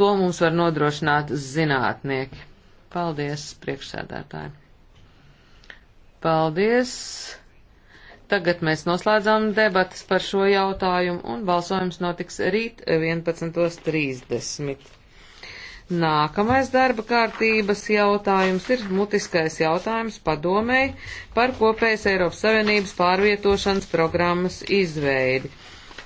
to mums var nodrošināt zinātnieki. Paldies, priekšsēdētāji. Paldies. Tagad mēs noslēdzam debatas par šo jautājumu un balsojums notiks rīt 11.30. Nākamais darba kārtības jautājums ir mutiskais jautājums padomēji par kopējas Eiropas Savienības pārvietošanas programmas izveidi.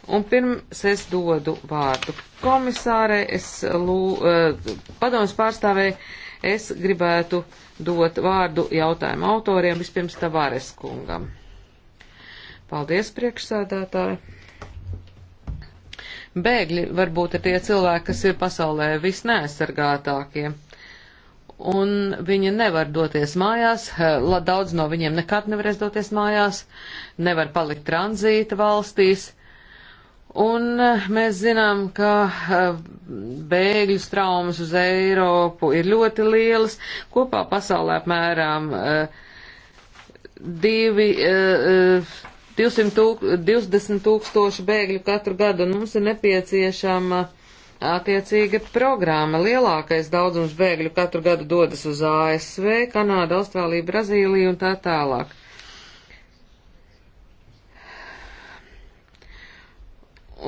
Un pirms es dodu vārdu komisārei, es lū, eh, padomus pārstāvēju, es gribētu dot vārdu jautājumu autoriem, vispirms Tavares kungam. Paldies, priekšsēdētāji. Bēgļi varbūt ir tie cilvēki, kas ir pasaulē visneaizsargātākie. Un viņi nevar doties mājās, daudz no viņiem nekad nevarēs doties mājās, nevar palikt tranzīta valstīs Un eh, mēs zinām, ka eh, bēgļu traumas uz Eiropu ir ļoti lielas. Kopā pasaulē apmēram eh, divi, 200 tūk, 20 tūkstoši bēgļu katru gadu, un mums ir nepieciešama attiecīga programma. Lielākais daudzums bēgļu katru gadu dodas uz ASV, Kanādu, Austrāliju, Brazīliju un tā tālāk.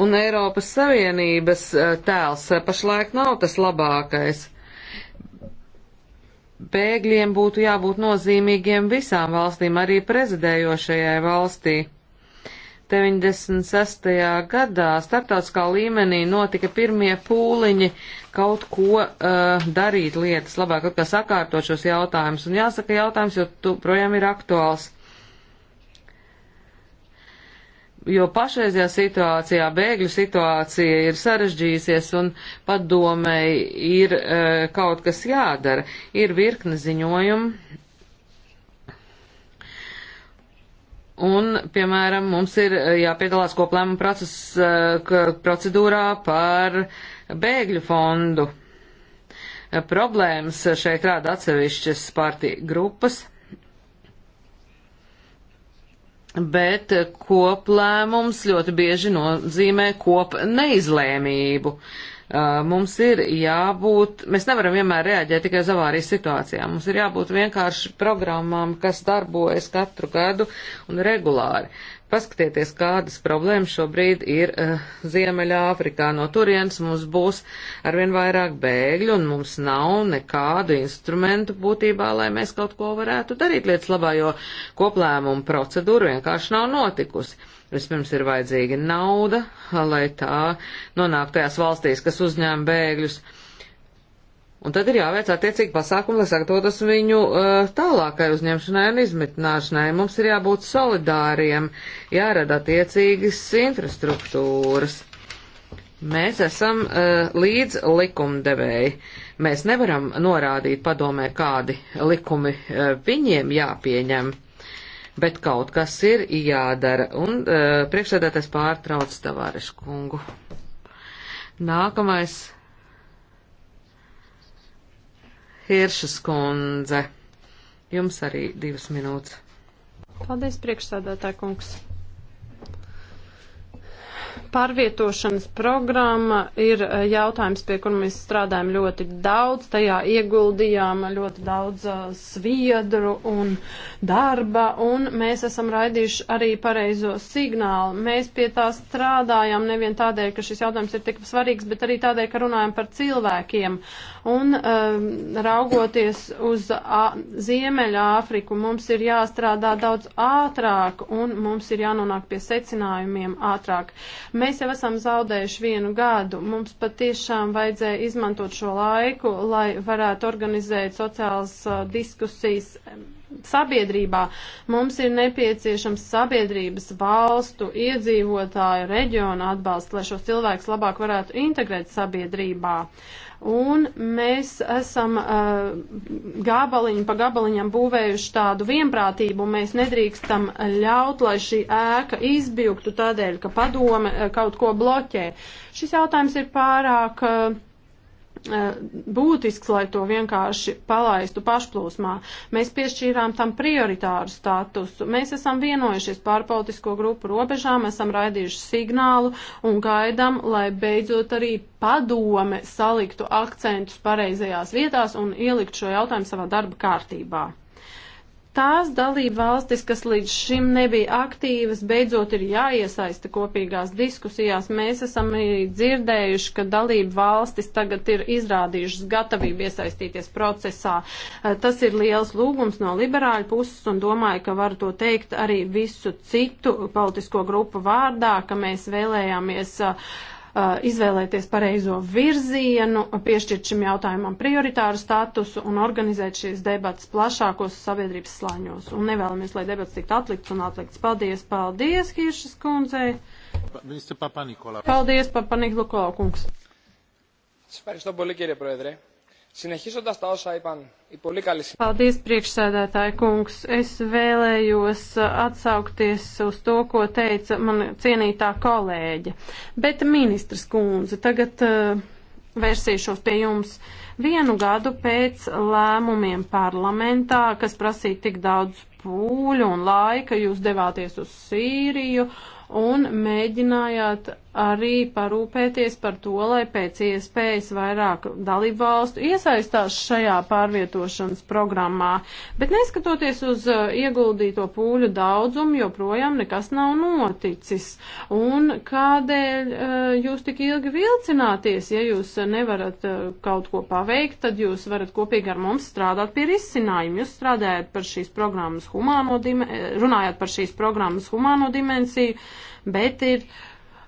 un Eiropas Savienības eh, tēls pašlaik nav tas labākais. Bēgļiem būtu jābūt nozīmīgiem visām valstīm, arī prezidējošajai valstī. 96. gadā starptautiskā līmenī notika pirmie pūliņi kaut ko uh, darīt lietas labāk, kaut kā sakārtot šos jautājumus. Un jāsaka, jautājums joprojām ir aktuāls. jo pašreizajā situācijā bēgļu situācija ir sarežģījusies un padomēji ir e, kaut kas jādara. Ir virkne ziņojumu. Un, piemēram, mums ir jāpiedalās koplēmuma proces, e, procedūrā par bēgļu fondu. E, problēmas šeit rāda atsevišķas partiju grupas bet koplēmums ļoti bieži nozīmē kop neizlēmību. Uh, mums ir jābūt, mēs nevaram vienmēr reaģēt tikai uz avārijas situācijām, mums ir jābūt vienkārši programmām, kas darbojas katru gadu un regulāri. Paskatieties, kādas problēmas šobrīd ir uh, Ziemeļāfrikā. No turienes mums būs arvien vairāk bēgļu, un mums nav nekādu instrumentu būtībā, lai mēs kaut ko varētu darīt lietas labā, jo koplēmuma procedūra vienkārši nav notikusi. Vispirms ir vajadzīga nauda, lai tā nonāktu tajās valstīs, kas uzņēma bēgļus. Uh, Un tad ir jāveic attiecīgi pasākumi, lai sagatavotos viņu uh, tālākai uzņemšanai un izmitināšanai. Mums ir jābūt solidāriem, jārada attiecīgas infrastruktūras. Mēs esam uh, līdz likumdevēji. Mēs nevaram norādīt padomē, kādi likumi uh, viņiem jāpieņem, bet kaut kas ir jādara. Un uh, priekšsēdētājs pārtrauc Tavarešu kungu. Nākamais Hiršas kundze. Jums arī divas minūtes. Paldies, priekšsādātāja kungs pārvietošanas programma ir eh, jautājums, pie kura mēs strādājam ļoti daudz. Tajā ieguldījām ļoti daudz eh, sviedru un darba, un mēs esam raidījuši arī pareizo signālu. Mēs pie tā strādājām nevien tādēļ, ka šis jautājums ir tik svarīgs, bet arī tādēļ, ka runājam par cilvēkiem. Un um, raugoties uz Ziemeļāfriku, mums ir jāstrādā daudz ātrāk un mums ir jānonāk pie secinājumiem ātrāk. Mēs jau esam zaudējuši vienu gadu. Mums patiešām vajadzēja izmantot šo laiku, lai varētu organizēt sociālas uh, diskusijas um, sabiedrībā. Mums ir nepieciešams sabiedrības valstu, iedzīvotāju, reģionu atbalsts, lai šos cilvēkus labāk varētu integrēt sabiedrībā. Uh, un mēs esam uh, gabaliņu pa gabaliņam būvējuši tādu vienprātību, un mēs nedrīkstam ļaut, lai šī ēka izbjuktu tādēļ, ka padome uh, kaut ko bloķē. Šis jautājums ir pārāk. Uh, Eh, būtisks, lai to vienkārši palaistu pašplūsmā. Mēs piešķīrām tam prioritāru statusu. Mēs esam vienojušies pār politisko grupu robežām, esam raidījuši signālu un gaidām, lai beidzot arī padome saliktu akcentus pareizajās vietās un ielikt šo jautājumu savā darba kārtībā tās dalība valstis, kas līdz šim nebija aktīvas, beidzot ir jāiesaista kopīgās diskusijās. Mēs esam arī dzirdējuši, ka dalība valstis tagad ir izrādījušas gatavību iesaistīties procesā. Eh, tas ir liels lūgums no liberāļu puses un domāju, ka var to teikt arī visu citu politisko grupu vārdā, ka mēs vēlējāmies uh, izvēlēties pareizo virzienu, piešķirt šim jautājumam prioritāru statusu un organizēt šīs debatas plašākos sabiedrības slāņos. Un nevēlamies, lai debats tiktu atlikts un atlikts. Paldies, paldies, Hiršas kundzei. Ministra Papa Nikolā. Paldies, Papa Nikolau kungs. Spērš to boli, Kīrie Proedrē. Συνεχίζοντας τα όσα είπαν οι πολύ καλοί Paldies, priekšsēdētāji kungs. Es vēlējos uh, atsaukties uz to, ko teica man cienītā kolēģe. Bet ministrs kundze, tagad uh, vērsīšos pie jums vienu gadu pēc lēmumiem parlamentā, kas prasīja tik daudz pūļu un laika, jūs devāties uz Sīriju un mēģinājāt arī parūpēties par to, lai pēc iespējas vairāk dalību valstu iesaistās šajā pārvietošanas programmā. Bet neskatoties uz uh, ieguldīto pūļu daudzumu, joprojām nekas nav noticis. Un kādēļ uh, jūs tik ilgi vilcināties, ja jūs nevarat uh, kaut ko paveikt, tad jūs varat kopīgi ar mums strādāt pie risinājuma. Jūs strādājat par šīs programmas humāno dimensiju, runājat par šīs programmas humāno dimensiju, bet ir uh,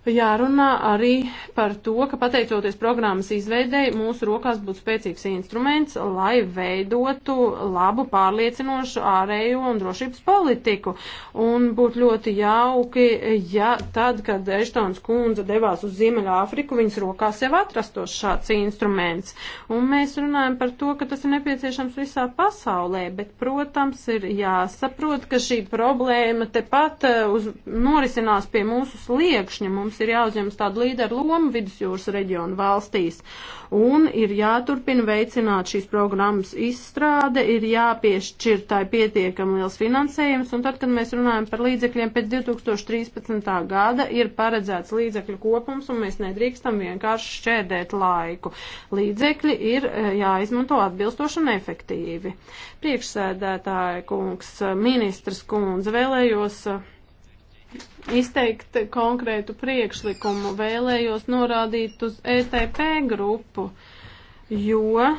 jārunā arī par to, ka pateicoties programmas izveidēji, mūsu rokās būtu spēcīgs instruments, lai veidotu labu, pārliecinošu ārējo un drošības politiku. Un būtu ļoti jauki, ja tad, kad Eštons kundze devās uz Ziemeļāfriku, viņas rokās jau atrastos šāds instruments. Un mēs runājam par to, ka tas ir nepieciešams visā pasaulē, bet, protams, ir jāsaprot, ka šī problēma tepat eh, uz, norisinās pie mūsu sliekšņa. Mums mums ir jāuzņemas tāda līdera loma vidusjūras reģionu valstīs un ir jāturpina veicināt šīs programmas izstrāde, ir jāpiešķir tai pietiekami liels finansējums, un tad, kad mēs runājam par līdzekļiem pēc 2013. gada, ir paredzēts līdzekļu kopums, un mēs nedrīkstam vienkārši šķērdēt laiku. Līdzekļi ir eh, jāizmanto atbilstoši un efektīvi. Priekšsēdētāja kungs, ministrs kundze, vēlējos eh, izteikt konkrētu priekšlikumu. Vēlējos norādīt uz ETP grupu, jo e,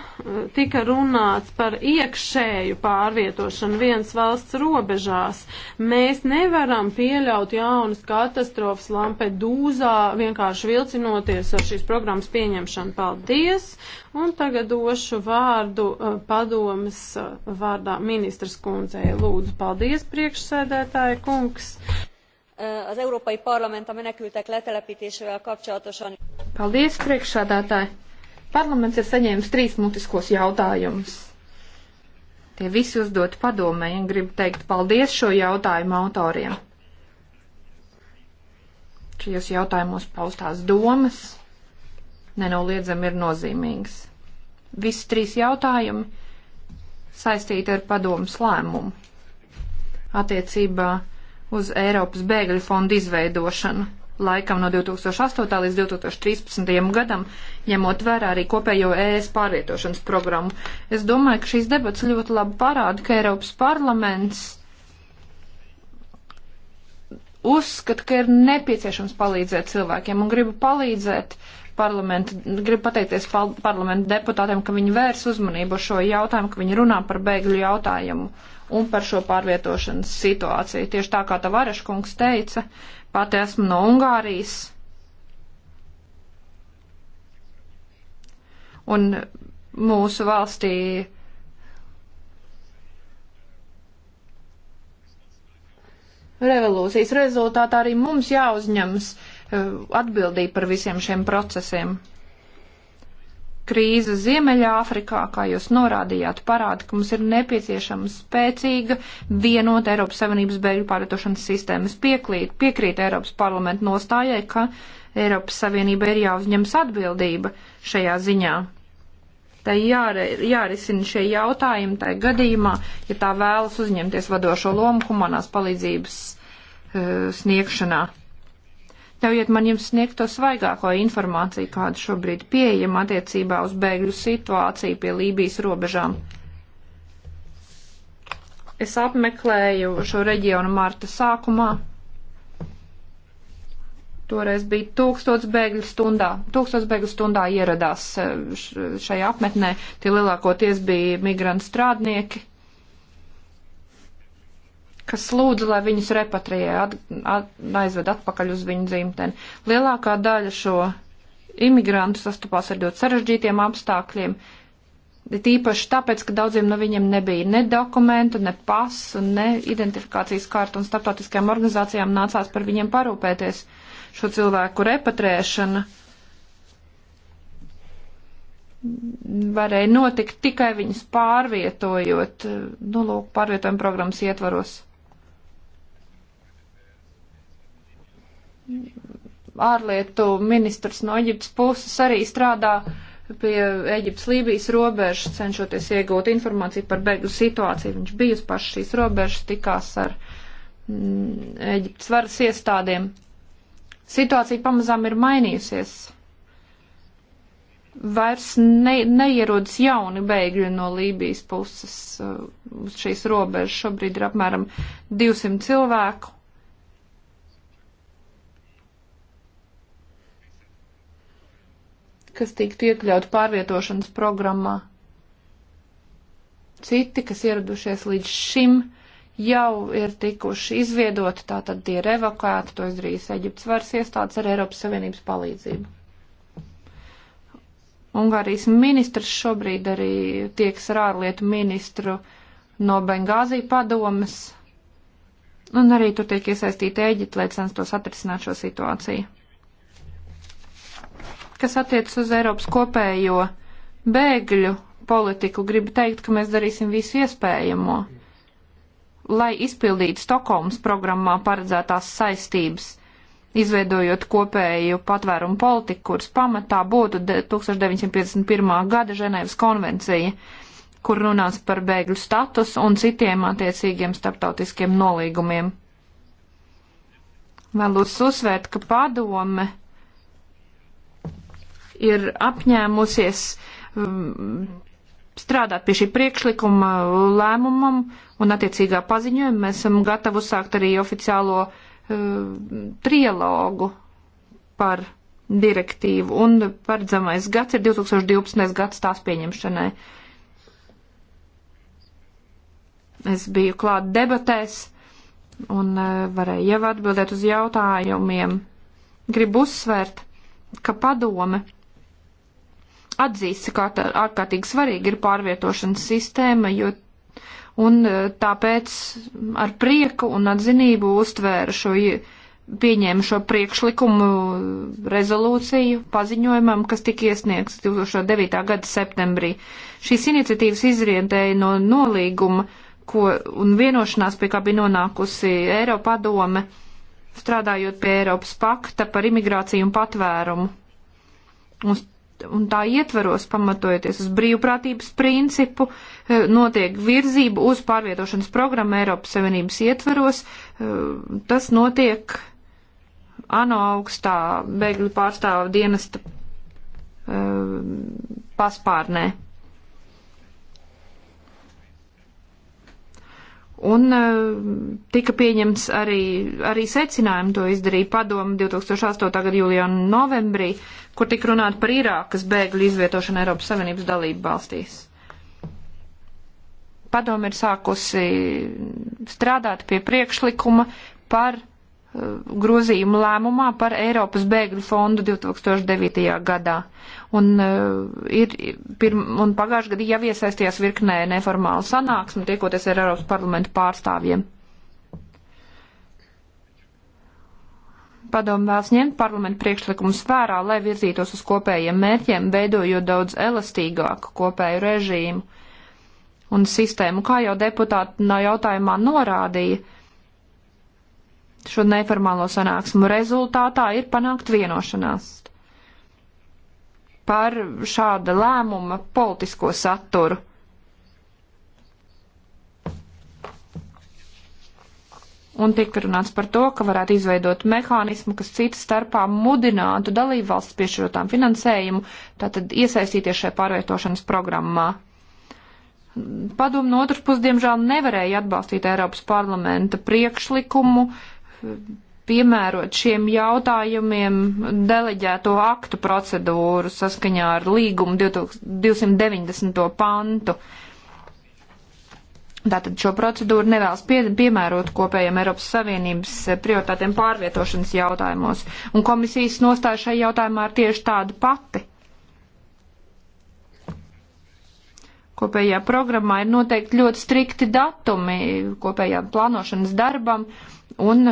tika runāts par iekšēju pārvietošanu viens valsts robežās. Mēs nevaram pieļaut jaunas katastrofas Lampedūzā, vienkārši vilcinoties ar šīs programmas pieņemšanu. Paldies! Un tagad došu vārdu e, padomas e, vārdā ministras kundzei. Lūdzu, paldies priekšsēdētāja kungs! Eh, az Európai Parlament a menekültek letelepítésével kapcsolatosan. Paldies, priekšsādātāji! Parlaments ir saņēmis trīs mutiskos jautājumus. Tie visi uzdot padomē, un gribu teikt paldies šo jautājumu autoriem. Šajos jautājumos paustās domas nenoliedzami ir nozīmīgas. Visi trīs jautājumi saistīti ar padomus lēmumu attiecībā uz Eiropas bēgļu fondu izveidošanu laikam no 2008. līdz 2013. gadam, ņemot vērā arī kopējo ES pārvietošanas programmu. Es domāju, ka šīs debats ļoti labi parāda, ka Eiropas parlaments uzskata, ka ir nepieciešams palīdzēt cilvēkiem un gribu palīdzēt parlamentu, gribu pateikties parlamentu deputātiem, ka viņi vērs uzmanību šo jautājumu, ka viņi runā par bēgļu jautājumu un par šo pārvietošanas situāciju. Tieši tā kā Tavareškungs teica, pati esmu no Ungārijas. Un mūsu valstī revolūcijas rezultātā arī mums jāuzņemas eh, atbildība par visiem šiem procesiem. Krīze Ziemeļāfrikā, kā jūs norādījāt, parāda, ka mums ir nepieciešama spēcīga vienota Eiropas Savienības bēgļu pārvietošanas sistēmas piekrīt, piekrīt Eiropas parlamentu nostājai, ka Eiropas Savienība ir jāuzņems atbildība šajā ziņā. Tai jāre, jārisina šie jautājumi, tai gadījumā, ja tā vēlas uzņemties vadošo lomu humanās palīdzības uh, sniegšanā. Ļaujiet man jums sniegt to svaigāko informāciju, kāda šobrīd pieejama attiecībā uz bēgļu situāciju pie Lībijas robežām. Es apmeklēju šo reģionu marta sākumā. Toreiz bija tūkstots bēgļu stundā. Tūkstots bēgļu stundā ieradās eh, šajā apmetnē. Tie lielākoties bija migrantu strādnieki kas lūdza, lai viņus repatrijē, at, at, aizved atpakaļ uz viņu dzimteni. Lielākā daļa šo imigrantu sastopās ar ļoti sarežģītiem apstākļiem, tīpaši tāpēc, ka daudziem no viņiem nebija ne dokumentu, ne pasu, ne identifikācijas kārtu, un starptautiskajām organizācijām nācās par viņiem parūpēties šo cilvēku repatriēšana. Varēja notikt tikai viņus pārvietojot, nu, lūk, pārvietojuma programmas ietvaros. ārlietu ministrs no Eģiptes puses arī strādā pie Eģiptes-Lībijas robežas, cenšoties iegūt informāciju par beigu situāciju. Viņš bija uz pašas šīs robežas, tikās ar mm, Eģiptes varas iestādēm. Situācija pamazām ir mainījusies. Vairs ne, neierodas jauni bēgļi no Lībijas puses uh, uz šīs robežas. Šobrīd ir apmēram 200 cilvēku kas tiktu iekļaut pārvietošanas programmā. Citi, kas ieradušies līdz šim, jau ir tikuši izviedoti, tātad tie ir evakuēti, to izdarījis Eģiptes varas iestādes ar Eiropas Savienības palīdzību. Ungārijas ministrs šobrīd arī tieks ar ārlietu ministru no Bengāzī padomes, un arī tur tiek iesaistīta Eģipte, lai censtos atrisināt šo situāciju kas attiecas uz Eiropas kopējo bēgļu politiku, gribu teikt, ka mēs darīsim visu iespējamo, lai izpildītu Stokholmas programmā paredzētās saistības, izveidojot kopēju patvērumu politiku, kuras pamatā būtu 1951. gada Ženēvas konvencija, kur runās par bēgļu status un citiem attiecīgiem starptautiskiem nolīgumiem. Vēlos uzsvērt, ka padome ir apņēmusies um, strādāt pie šī priekšlikuma lēmumam un attiecīgā paziņojuma. Mēs esam gatavi uzsākt arī oficiālo uh, trialogu par direktīvu un paredzamais gads ir 2012. gads tās pieņemšanai. Es biju klāt debatēs un uh, varēju jau atbildēt uz jautājumiem. Gribu uzsvērt, ka padome atzīst, ka ārkārtīgi svarīgi ir pārvietošanas sistēma, jo un e, tāpēc ar prieku un atzinību uztvēra šo pieņēma šo priekšlikumu e, rezolūciju paziņojumam, kas tika iesniegts 2009. gada septembrī. Šīs iniciatīvas izrientēja no nolīguma ko, un vienošanās, pie kā bija nonākusi Eiropa padome, strādājot pie Eiropas pakta par imigrāciju un patvērumu. Un un tā ietveros, pamatojoties uz brīvprātības principu, e, notiek virzība uz pārvietošanas programmu Eiropas Savienības ietveros. E, tas notiek ANO augstā bēgļu pārstāva dienesta e, paspārnē. Un e, tika pieņems arī, arī secinājumi, to izdarīja padomu 2008. gada jūlijā un novembrī, kur tika runāt par Irākas bēgļu izvietošanu Eiropas Savienības dalību valstīs. Padomu ir sākusi strādāt pie priekšlikuma par grozījumu lēmumā par Eiropas bēgļu fondu 2009. gadā. Un, uh, ir, pirm, un pagājušajā gadā jau iesaistījās virknē neformāla sanāksme, tiekoties ar Eiropas parlamentu pārstāvjiem. Padomu vēlas ņemt parlamentu priekšlikumus vērā, lai virzītos uz kopējiem mērķiem, veidojot daudz elastīgāku kopēju režīmu un sistēmu, kā jau deputāti no jautājumā norādīja šo neformālo sanāksmu rezultātā ir panākt vienošanās par šāda lēmuma politisko saturu. Un tika runāts par to, ka varētu izveidot mehānismu, kas citas starpā mudinātu dalībvalsts piešķirotām finansējumu, tātad iesaistīties šajā pārvietošanas programmā. Padomu no otras puses, diemžēl, nevarēja atbalstīt Eiropas parlamenta priekšlikumu piemērot šiem jautājumiem deleģēto aktu procedūru saskaņā ar līgumu 290. pantu. Tātad šo procedūru nevēlas pie, piemērot kopējiem Eiropas Savienības prioritātiem pārvietošanas jautājumos, un komisijas nostāja šai jautājumā ir tieši tāda pati. Kopējā programmā ir noteikti ļoti strikti datumi kopējām plānošanas darbam, un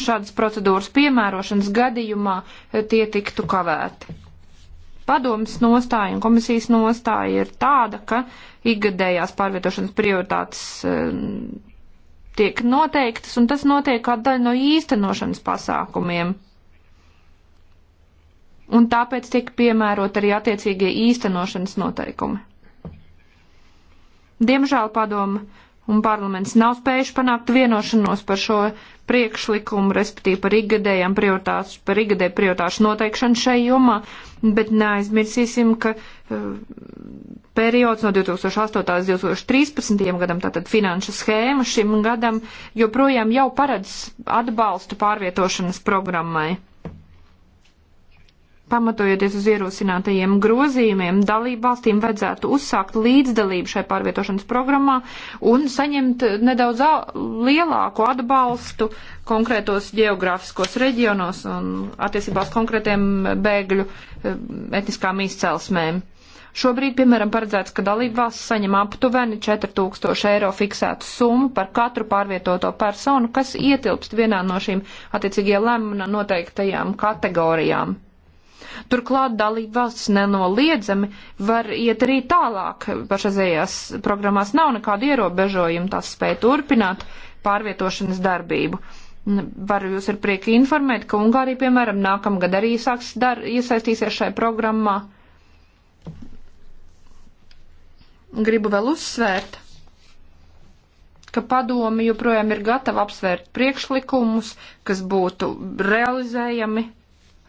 šādas procedūras piemērošanas gadījumā tie tiktu kavēti. Padomas nostāja un komisijas nostāja ir tāda, ka ikgadējās pārvietošanas prioritātes um, tiek noteiktas, un tas notiek kā daļa no īstenošanas pasākumiem. Un tāpēc tiek piemērot arī attiecīgie īstenošanas noteikumi. Diemžēl padoma un parlaments nav spējuši panākt vienošanos par šo priekšlikumu, respektīvi par ikgadējām prioritāšu, par ikgadēju prioritāšu noteikšanu šai jomā, bet neaizmirsīsim, ka eh, periods no 2008. līdz 2013. gadam, tātad finanšu schēma šim gadam, joprojām jau paredz atbalstu pārvietošanas programmai. Pamatojoties uz ierosinātajiem grozījumiem, dalību valstīm vajadzētu uzsākt līdzdalību šai pārvietošanas programmā un saņemt nedaudz lielāku atbalstu konkrētos geogrāfiskos reģionos un attiecībā uz konkrētiem bēgļu eh, etniskām izcelsmēm. Šobrīd, piemēram, paredzēts, ka dalībvalsts saņem aptuveni 4000 eiro fiksētu summu par katru pārvietoto personu, kas ietilpst vienā no šīm attiecīgajā lēmuma noteiktajām kategorijām. Turklāt dalība valsts nenoliedzami var iet arī tālāk. Pašreizējās programmās nav nekāda ierobežojuma, tās spēja turpināt pārvietošanas darbību. Varu jūs ar prieku informēt, ka Ungārija, piemēram, nākamgad arī sāks dar, iesaistīsies šai programmā. Gribu vēl uzsvērt, ka padomi joprojām ir gatava apsvērt priekšlikumus, kas būtu realizējami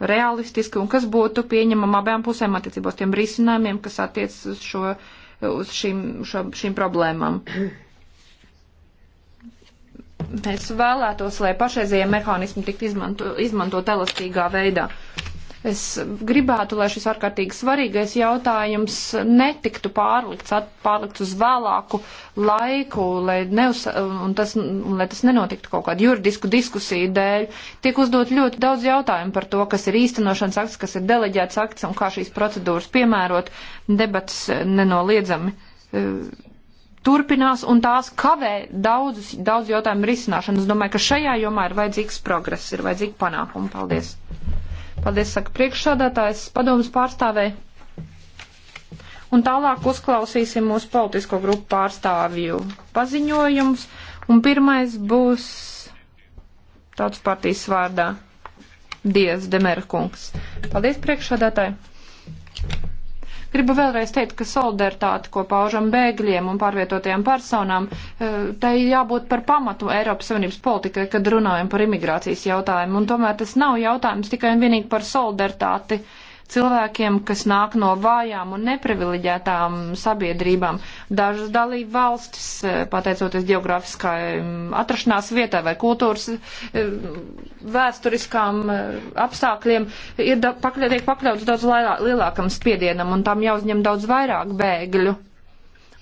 realistiski un kas būtu pieņemama abām pusēm attiecībos tiem risinājumiem, kas attiec uz, šo, uz šīm, šo, šīm problēmām. Mēs vēlētos, lai pašreizie mehānismi tiktu izmanto, izmantot elastīgā veidā. Es gribētu, lai šis ārkārtīgi svarīgais jautājums netiktu pārlikts, at, pārlikts uz vēlāku laiku, lai, neuz, un tas, un lai tas nenotiktu kaut kādu juridisku diskusiju dēļ. Tiek uzdot ļoti daudz jautājumu par to, kas ir īstenošanas akts, kas ir deleģēts akts un kā šīs procedūras piemērot. Debats nenoliedzami e, turpinās un tās kavē daudzus, daudz jautājumu risināšanu. Es domāju, ka šajā jomā ir vajadzīgs progress, ir vajadzīgi panākumi. Paldies! Mm. Paldies, saka priekšsādātājs, padomas pārstāvē. Un tālāk uzklausīsim mūsu politisko grupu pārstāvju paziņojums. Un pirmais būs tautas partijas vārdā Dievs Demerkungs. Paldies priekšsādātāji! Gribu vēlreiz teikt, ka solidaritāte, ko paužam bēgļiem un pārvietotajām personām, eh, tai jābūt par pamatu Eiropas Savienības politikai, kad runājam par imigrācijas jautājumu. Un tomēr tas nav jautājums tikai un vienīgi par solidaritāti cilvēkiem, kas nāk no vājām un neprivileģētām sabiedrībām. Dažas dalība valstis, eh, pateicoties geogrāfiskai mm, atrašanās vietai vai kultūras eh, vēsturiskām eh, apstākļiem, ir pakļa, tiek pakļauts daudz lielākam spiedienam un tam jāuzņem daudz vairāk bēgļu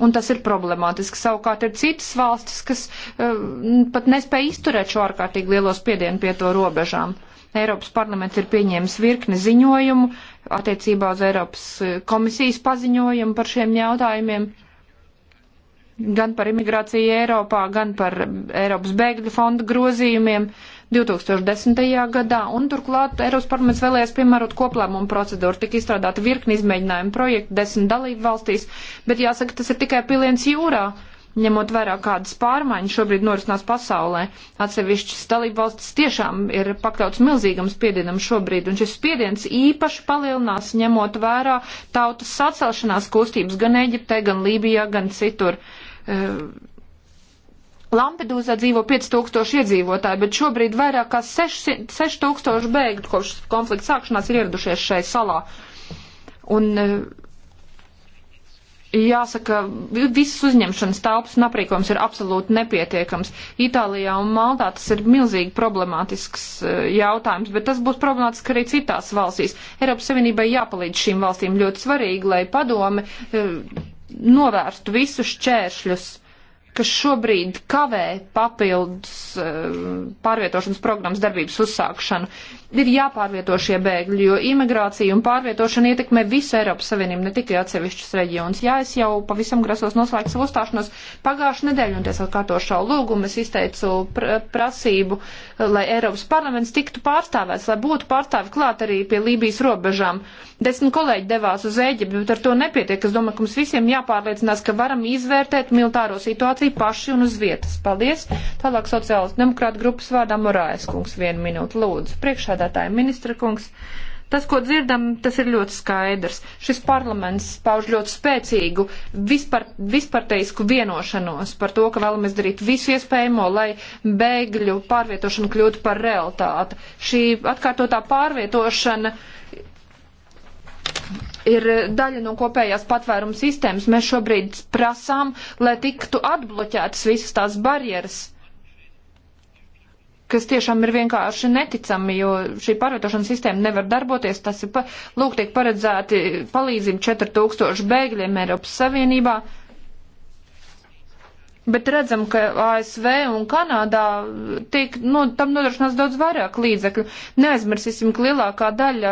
un tas ir problemātiski. Savukārt ir citas valstis, kas uh, pat nespēja izturēt šo ārkārtīgi lielo spiedienu pie to robežām. Eiropas parlaments ir pieņēmis virkni ziņojumu attiecībā uz Eiropas eh, komisijas paziņojumu par šiem jautājumiem gan par imigrāciju Eiropā, gan par Eiropas bēgļu fonda grozījumiem 2010. gadā, un turklāt Eiropas parlaments vēlējās piemērot koplēmumu procedūru, tika izstrādāta virkni izmēģinājumu projektu desmit dalību valstīs, bet jāsaka, tas ir tikai piliens jūrā ņemot vērā kādas pārmaiņas šobrīd norisinās pasaulē. Atsevišķas dalībvalstis tiešām ir pakļauts milzīgam spiedienam šobrīd, un šis spiediens īpaši palielinās, ņemot vērā tautas sacelšanās kustības gan Eģiptē, gan Lībijā, gan citur. Eh, Lampedūzā dzīvo 5000 iedzīvotāji, bet šobrīd vairāk kā 6000 bēgļu kopš konflikta sākšanās ir ieradušies šai salā. Un, uh, jāsaka, visas uzņemšanas telpas un aprīkojums ir absolūti nepietiekams. Itālijā un Maltā tas ir milzīgi problemātisks eh, jautājums, bet tas būs problemātiski arī citās valstīs. Eiropas Savienībai jāpalīdz šīm valstīm ļoti svarīgi, lai padome eh, novērstu visus šķēršļus kas šobrīd kavē papildus eh, pārvietošanas programmas darbības uzsākšanu. Ir jāpārvieto šie bēgļi, jo imigrācija un pārvietošana ietekmē visu Eiropas Savienību, ne tikai atsevišķus reģionus. Jā, es jau pavisam grasos noslēgt savu uzstāšanos pagājušu nedēļu, un es atkārtošu savu lūgumu, es izteicu pr prasību, lai Eiropas parlaments tiktu pārstāvēts, lai būtu pārstāvi klāt arī pie Lībijas robežām. Desmit kolēģi devās uz Ēģipti, bet ar to nepietiek. Es domāju, ka mums visiem jāpārliecinās, ka varam izvērtēt militāro situāciju arī paši un uz vietas. Paldies! Tālāk sociālas demokrāta grupas vārdā Morājas kungs vienu minūtu lūdzu. Priekšādātāja ministra kungs. Tas, ko dzirdam, tas ir ļoti skaidrs. Šis parlaments pauž ļoti spēcīgu vispar, visparteisku vienošanos par to, ka vēlamies darīt visu iespējamo, lai bēgļu pārvietošana kļūtu par realitāti. Šī atkārtotā pārvietošana ir daļa no kopējās patvērumu sistēmas. Mēs šobrīd prasām, lai tiktu atbloķētas visas tās barjeras, kas tiešām ir vienkārši neticami, jo šī pārvietošanas sistēma nevar darboties. Tas ir, pa, lūk, tiek paredzēti palīdzību 4000 bēgļiem Eiropas Savienībā. Bet redzam, ka ASV un Kanādā tiek, nu, tam nodrošinās daudz vairāk līdzekļu. Neaizmirsīsim, ka lielākā daļa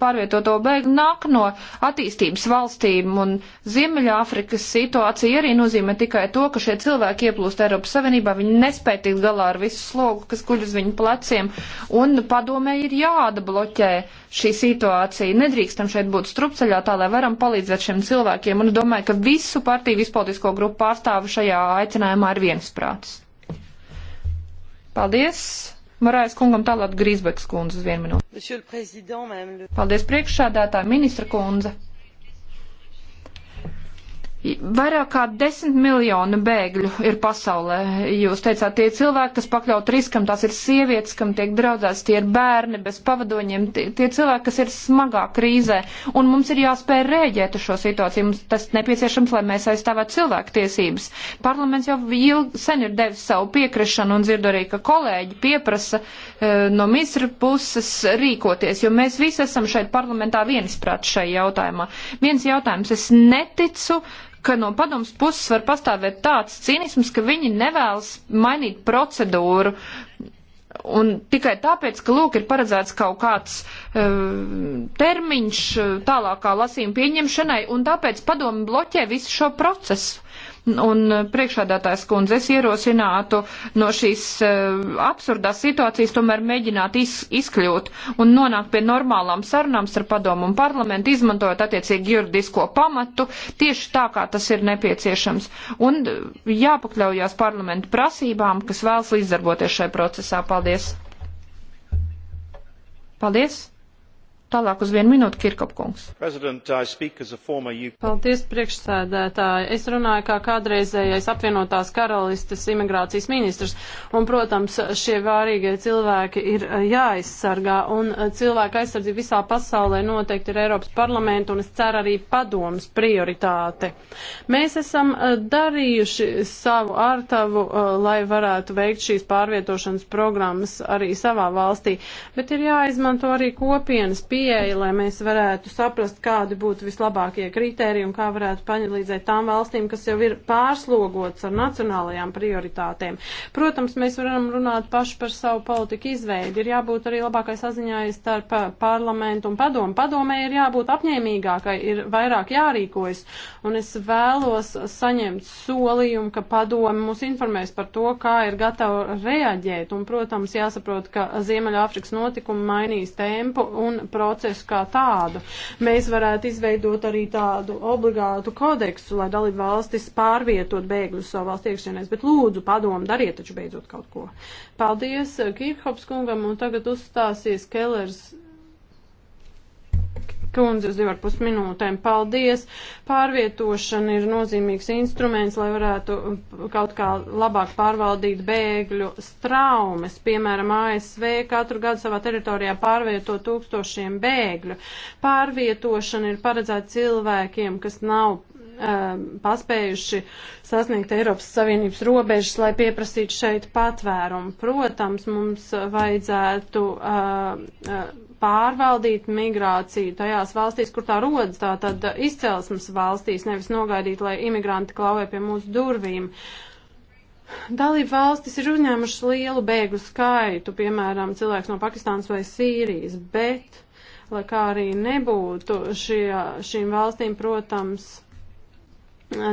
pārvietoto bēgļu nāk no attīstības valstīm, un Ziemeļāfrikas situācija arī nozīmē tikai to, ka šie cilvēki ieplūst Eiropas Savienībā, viņi nespēja tikt galā ar visu slogu, kas guļ uz viņu pleciem, un padomē ir jāatbloķē šī situācija. Nedrīkstam šeit būt strupceļā tā, lai varam palīdzēt šiem cilvēkiem, un domāju, ka visu partiju, visu politisko grupu pārstāvu šajā aicinājumā ir viensprāts. Paldies! Marājas kungam tālāk Grīsbekas kundze uz vienu minūti. Paldies priekšsādātāji, ministra kundze! Vairāk kā desmit miljonu bēgļu ir pasaulē. Jūs teicāt, tie ir cilvēki, kas pakļaut riskam, tās ir sievietes, kam tiek draudzēts, tie ir bērni bez pavadoņiem, tie, tie cilvēki, kas ir smagā krīzē. Un mums ir jāspēj rēģēt uz šo situāciju. Mums tas nepieciešams, lai mēs aizstāvētu cilvēku tiesības. Parlaments jau ilg, sen ir devis savu piekrišanu un dzirdu arī, ka kolēģi pieprasa e, no ministra puses rīkoties, jo mēs visi esam šeit parlamentā viensprāt šai jautājumā. Viens jautājums, es neticu ka no padoms puses var pastāvēt tāds cīnisms, ka viņi nevēlas mainīt procedūru. Un tikai tāpēc, ka, lūk, ir paredzēts kaut kāds uh, termiņš eh, tālākā lasījuma pieņemšanai, un tāpēc padomi bloķē visu šo procesu. Un eh, priekšādātājs kundze, es ierosinātu no šīs uh, absurdās situācijas tomēr mēģināt iz, izkļūt un nonākt pie normālām sarunām ar padomu un parlamentu, izmantojot attiecīgi juridisko pamatu tieši tā, kā tas ir nepieciešams. Un eh, jāpakļaujās parlamentu prasībām, kas vēlas līdzdarboties šai procesā. Paldies! Paldies! Tālāk uz vienu minūti Kirkopkungs. Paldies, priekšsēdētāji. Es runāju kā kādreizējais apvienotās karalistes imigrācijas ministrs. Un, protams, šie vārīgie cilvēki ir eh, jāaizsargā. Un eh, cilvēka aizsardzība visā pasaulē noteikti ir Eiropas parlamenta un es ceru arī padomas prioritāte. Mēs esam eh, darījuši savu ārtavu, lai varētu veikt šīs pārvietošanas programmas arī savā valstī. Bet ir jāizmanto arī kopienas pieeja pieeja, lai mēs varētu saprast, kādi būtu vislabākie kriteriji un kā varētu paņelīdzēt tām valstīm, kas jau ir pārslogots ar nacionālajām prioritātēm. Protams, mēs varam runāt paši par savu politiku izveidi. Ir jābūt arī labākai saziņai starp uh, parlamentu un padomu. Padomē ir jābūt apņēmīgākai, ir vairāk jārīkojas. Un es vēlos saņemt solījumu, ka padomu mūs informēs par to, kā ir gatava reaģēt. Un, protams, jāsaprot, ka Ziemeļāfrikas notikumi mainīs tēmu tempu un procesu procesu kā tādu. Mēs varētu izveidot arī tādu obligātu kodeksu, lai dalību valstis pārvietot bēgļus savu valstu iekšienēs, bet lūdzu padomu, dariet taču beidzot kaut ko. Paldies Kirhops kungam, un tagad uzstāsies Kellers kundze uz divar pus minūtēm. Paldies! Pārvietošana ir nozīmīgs instruments, lai varētu um, kaut kā labāk pārvaldīt bēgļu straumes. Piemēram, ASV katru gadu savā teritorijā pārvieto tūkstošiem bēgļu. Pārvietošana ir paredzēta cilvēkiem, kas nav um, paspējuši sasniegt Eiropas Savienības robežas, lai pieprasītu šeit patvērumu. Protams, mums vajadzētu uh, uh, pārvaldīt migrāciju tajās valstīs, kur tā rodas, tā tad izcelsmes valstīs, nevis nogaidīt, lai imigranti klauvē pie mūsu durvīm. Dalība valstis ir uzņēmušas lielu bēgļu skaitu, piemēram, cilvēks no Pakistānas vai Sīrijas, bet, lai kā arī nebūtu, šie, šīm valstīm, protams,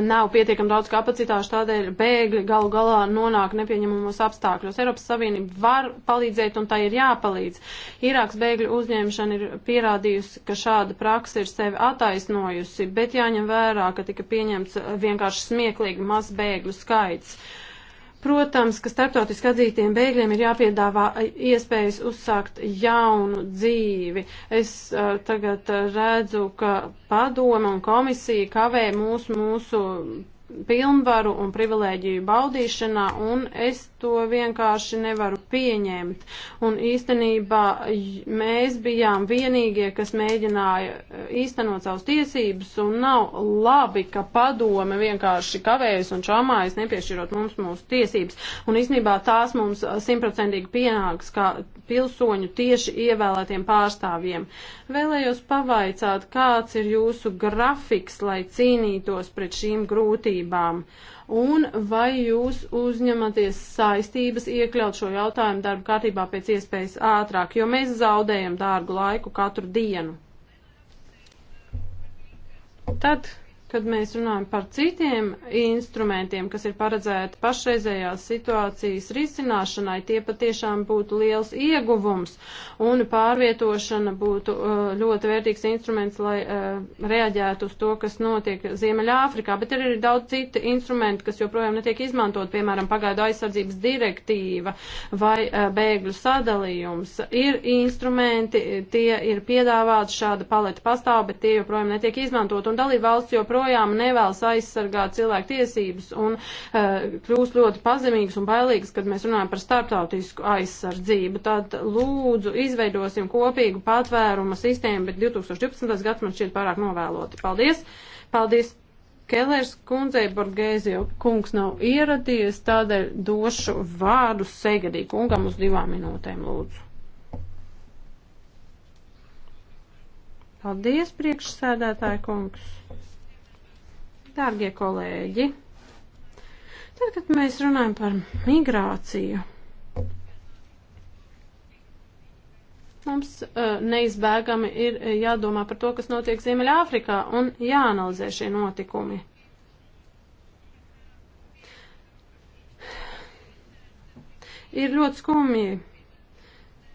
nav pietiekam daudz kapacitāšu, tādēļ bēgļi galu galā nonāk nepieņemamos apstākļos. Eiropas Savienība var palīdzēt un tā ir jāpalīdz. Irāks bēgļu uzņemšana ir pierādījusi, ka šāda praksa ir sevi attaisnojusi, bet jāņem vērā, ka tika pieņemts vienkārši smieklīgi maz bēgļu skaits. Uh, Protams, ka starptautiski atzītiem bēgļiem ir jāpiedāvā iespējas uzsākt jaunu dzīvi. Es uh, tagad redzu, ka padoma un komisija kavē mūsu, mūsu pilnvaru un privilēģiju baudīšanā, un es to vienkārši nevaru pieņemt. Un īstenībā mēs bijām vienīgie, kas mēģināja e, īstenot savus tiesības, un nav labi, ka padome vienkārši kavējas un čamājas, nepiešķirot mums mūsu tiesības. Un īstenībā tās mums e, simtprocentīgi pienāks kā pilsoņu tieši ievēlētiem pārstāvjiem. Vēlējos pavaicāt, kāds ir jūsu grafiks, lai cīnītos pret šīm grūtībām, un vai jūs uzņematies saistības iekļaut šo jautājumu darba kārtībā pēc iespējas ātrāk, jo mēs zaudējam dārgu laiku katru dienu. Tad Kad mēs runājam par citiem instrumentiem, kas ir paredzēti pašreizējās situācijas risināšanai, tie patiešām būtu liels ieguvums un pārvietošana būtu uh, ļoti vērtīgs instruments, lai uh, reaģētu uz to, kas notiek Ziemeļāfrikā. Bet ir arī daudz citu instrumentu, kas joprojām netiek izmantot, piemēram, pagaidu aizsardzības direktīva vai uh, bēgļu sadalījums. Ir instrumenti, tie ir piedāvāti, šāda paleta pastāv, bet tie joprojām netiek izmantot un dalība valsts joprojām joprojām nevēlas aizsargāt cilvēku tiesības un uh, kļūst ļoti pazemīgas un bailīgas, kad mēs runājam par starptautisku aizsardzību. Tad lūdzu izveidosim kopīgu patvēruma sistēmu, bet 2012. gads man šķiet pārāk novēloti. Paldies! Paldies! Kelērs kundzei Borgēzija kungs nav ieradies, tādēļ došu vārdu Segadī kungam uz divām minūtēm, lūdzu. Paldies, priekšsēdētāja kungs. Dārgie kolēģi, tad, kad mēs runājam par migrāciju, mums uh, neizbēgami ir jādomā par to, kas notiek Ziemeļāfrikā un jāanalizē šie notikumi. Ir ļoti skumji,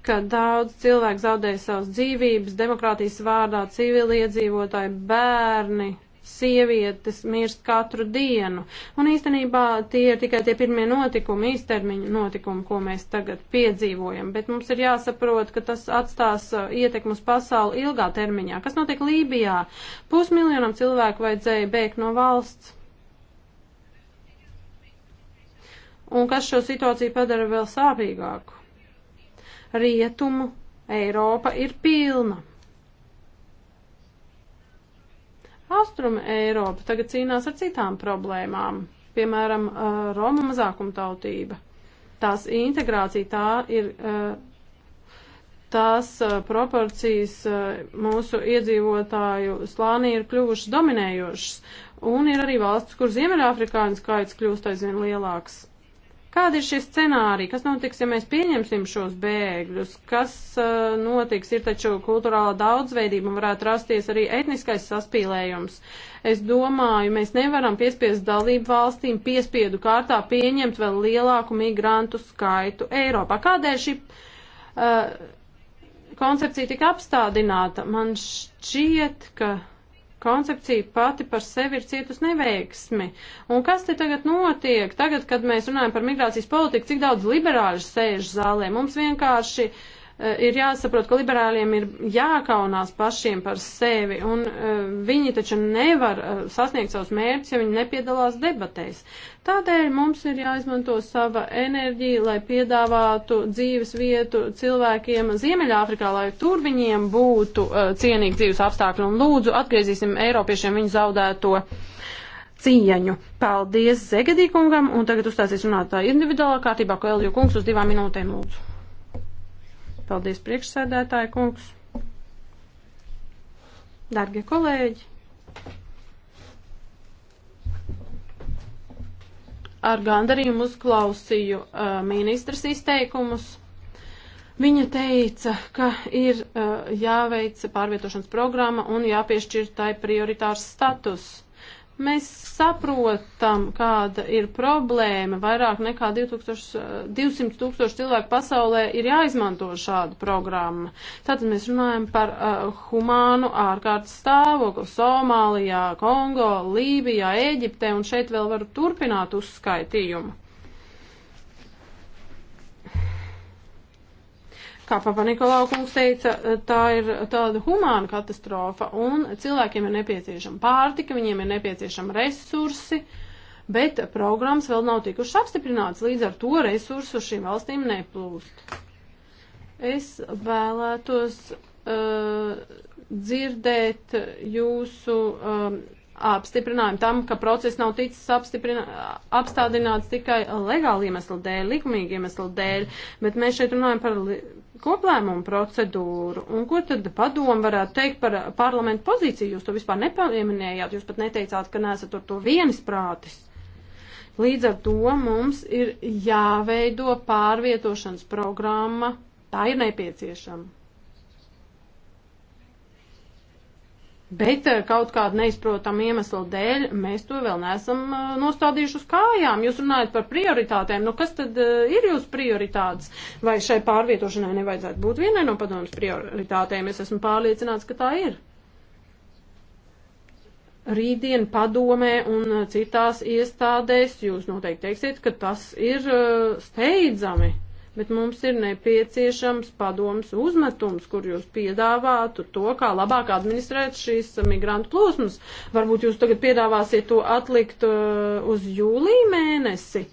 ka daudz cilvēku zaudēja savas dzīvības, demokrātijas vārdā civiliedzīvotāji, bērni, sievietes mirst katru dienu. Un īstenībā tie ir tikai tie pirmie notikumi, īstermiņa notikumi, ko mēs tagad piedzīvojam. Bet mums ir jāsaprot, ka tas atstās uh, ietekmus pasauli ilgā termiņā. Kas notiek Lībijā? Pusmiljonam cilvēku vajadzēja bēgt no valsts. Un kas šo situāciju padara vēl sāpīgāku? Rietumu Eiropa ir pilna Austruma Eiropa tagad cīnās ar citām problēmām, piemēram, uh, Roma mazākumtautība. Tās integrācija tā ir uh, tās uh, proporcijas mūsu iedzīvotāju slānī ir kļuvušas dominējošas, un ir arī valsts, kur Ziemeļāfrikāņu skaits kļūst aizvien lielāks. Kādi ir šie scenāriji? Kas notiks, ja mēs pieņemsim šos bēgļus? Kas uh, notiks? Ir taču kulturāla daudzveidība un varētu rasties arī etniskais saspīlējums. Es domāju, mēs nevaram piespiest dalību valstīm piespiedu kārtā pieņemt vēl lielāku migrantu skaitu Eiropā. Kādēļ šī uh, koncepcija tika apstādināta? Man šķiet, ka koncepcija pati par sevi ir cietus neveiksmi. Un kas te tagad notiek? Tagad, kad mēs runājam par migrācijas politiku, cik daudz liberāļu sēž zālē, mums vienkārši uh, Eh, ir jāsaprot, ka liberāļiem ir jākaunās pašiem par sevi, un eh, viņi taču nevar eh, sasniegt savus mērķus, ja viņi nepiedalās debatēs. Tādēļ mums ir jāizmanto sava enerģija, lai piedāvātu dzīves vietu cilvēkiem Ziemeļāfrikā, lai tur viņiem būtu cienīgi dzīves apstākļi, un lūdzu atgriezīsim Eiropiešiem viņu zaudēto cieņu. Paldies Zegedīkungam, un tagad uzstāsies runātāji individuālā kārtībā, ko Elju kungs uz divām minūtēm lūdzu. Paldies priekšsēdētāja kungs. Dargie kolēģi. Ar gandarījumu uzklausīju uh, ministras izteikumus. Viņa teica, ka ir uh, jāveic pārvietošanas programma un jāpiešķir tai prioritārs status. Mēs saprotam, kāda ir problēma. Vairāk nekā 2000, 200 tūkstoši cilvēku pasaulē ir jāizmanto šādu programmu. Tātad mēs runājam par uh, humānu ārkārtas stāvokli Somālijā, Kongo, Lībijā, Ēģiptē, un šeit vēl varu turpināt uzskaitījumu. kā Papa Nikolaukungs teica, tā ir tāda humāna katastrofa, un cilvēkiem ir nepieciešama pārtika, viņiem ir nepieciešama resursi, bet programmas vēl nav tikušas apstiprināts, līdz ar to resursu šīm valstīm neplūst. Es vēlētos uh, dzirdēt jūsu um, apstiprinājumu tam, ka process nav ticis apstādināts tikai legāli iemeslu dēļ, likumīgi iemeslu dēļ, bet mēs šeit runājam par koplēmumu procedūru, un ko tad padomu varētu teikt par parlamentu pozīciju? Jūs to vispār nepieminējāt, jūs pat neteicāt, ka neesat ar to viensprātis. Līdz ar to mums ir jāveido pārvietošanas programma, tā ir nepieciešama. Bet eh, kaut kāda neizprotama iemesla dēļ mēs to vēl neesam eh, nostādījuši uz kājām. Jūs runājat par prioritātēm. Nu, kas tad eh, ir jūsu prioritātes? Vai šai pārvietošanai nevajadzētu būt vienai no padomas prioritātēm? Es esmu pārliecināts, ka tā ir. Rītdien padomē un citās iestādēs jūs noteikti teiksiet, ka tas ir steidzami bet mums ir nepieciešams padoms uzmetums, kur jūs piedāvātu to, kā labāk administrēt šīs migrantu plūsmas. Varbūt jūs tagad piedāvāsiet to atlikt uh, uz jūlija mēnesi.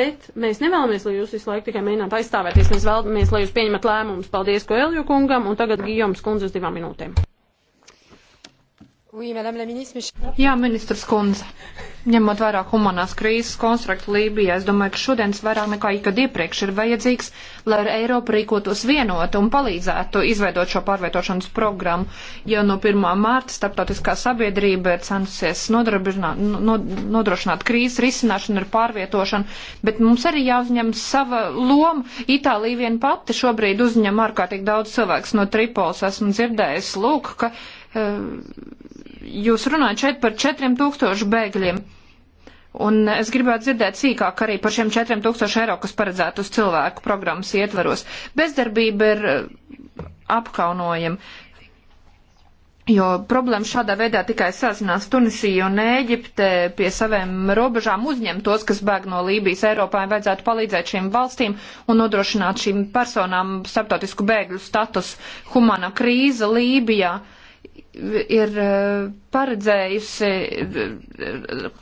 Bet mēs nevēlamies, lai jūs visu laiku tikai mēģinātu aizstāvēties. Mēs vēlamies, lai jūs pieņemat lēmumus. Paldies, Koelju kungam, un tagad Gijoms kundze uz divām minūtēm. Jā, ministrs kundze, ņemot vērā humanās krīzes konstruktu Lībijā, es domāju, ka šodienas vairāk nekā ikad iepriekš ir vajadzīgs, lai Eiropa rīkotos vienot un palīdzētu izveidot šo pārvietošanas programmu. Jau no 1. mārta starptautiskā sabiedrība ir censusies nodrošināt krīzes risināšanu ar pārvietošanu, bet mums arī jāuzņem sava loma. Itālija vien pati šobrīd uzņem ārkārtīgi daudz cilvēks no Tripols. Esmu dzirdējis, lūk, ka. Uh, jūs runājat šeit par 4000 bēgļiem. Un es gribētu dzirdēt sīkāk arī par šiem 4000 eiro, kas paredzētu uz cilvēku programmas ietvaros. Bezdarbība ir eh, apkaunojama, jo problēma šādā veidā tikai sazinās Tunisija un Ēģipte pie saviem robežām uzņem tos, kas bēg no Lībijas Eiropā, un vajadzētu palīdzēt šīm valstīm un nodrošināt šīm personām starptautisku bēgļu status. Humana krīze Lībijā. Uh, ir eh, paredzējusi eh,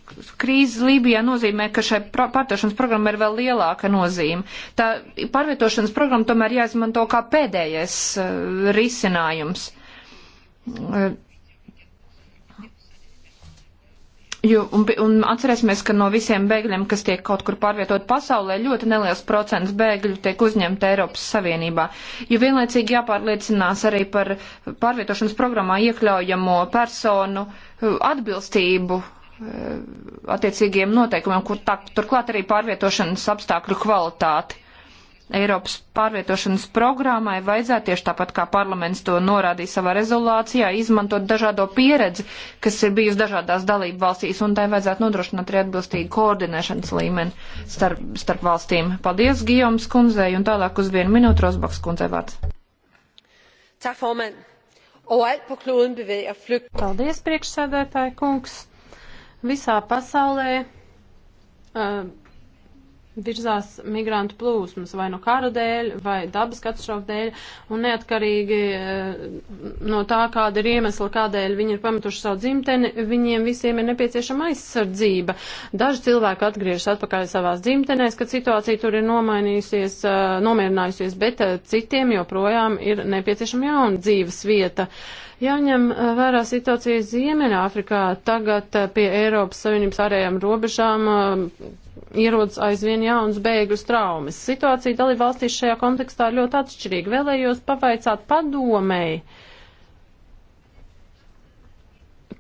krīzes Lībijā nozīmē, ka šai pārvietošanas programma ir vēl lielāka nozīme. Tā pārvietošanas programma tomēr jāizmanto kā pēdējais eh, risinājums. Jo, un, un atcerēsimies, ka no visiem bēgļiem, kas tiek kaut kur pārvietot pasaulē, ļoti neliels procents bēgļu tiek uzņemta Eiropas Savienībā. Jo vienlaicīgi jāpārliecinās arī par pārvietošanas programmā iekļaujamo personu uh, atbilstību uh, attiecīgiem noteikumiem, kur tā, turklāt arī pārvietošanas apstākļu kvalitāti. Eiropas pārvietošanas programmai vajadzētu tieši tāpat kā parlaments to norādīja savā rezolācijā, izmantot dažādo pieredzi, kas ir bijusi dažādās dalību valstīs, un tai vajadzētu nodrošināt arī atbilstīgu koordinēšanas līmeni starp, starp valstīm. Paldies Gijoms kundzei un tālāk uz vienu minūtu Rosbaks kundzei vārds. Paldies, priekšsēdētāji kungs. Visā pasaulē. Uh, virzās migrantu plūsmas vai no kara dēļ, vai dabas katastrofu dēļ, un neatkarīgi eh, no tā, kāda ir iemesla, kādēļ viņi ir pametuši savu dzimteni, viņiem visiem ir nepieciešama aizsardzība. Daži cilvēki atgriežas atpakaļ savās dzimtenēs, kad situācija tur ir nomainījusies, eh, nomierinājusies, bet eh, citiem joprojām ir nepieciešama jauna dzīves vieta. Jāņem vērā situācija Ziemeļāfrikā. Tagad pie Eiropas Savienības ārējām robežām ierodas aizvien jaunas bēgļu traumas. Situācija dalībvalstīs šajā kontekstā ir ļoti atšķirīga. Vēlējos pavaicāt padomēji,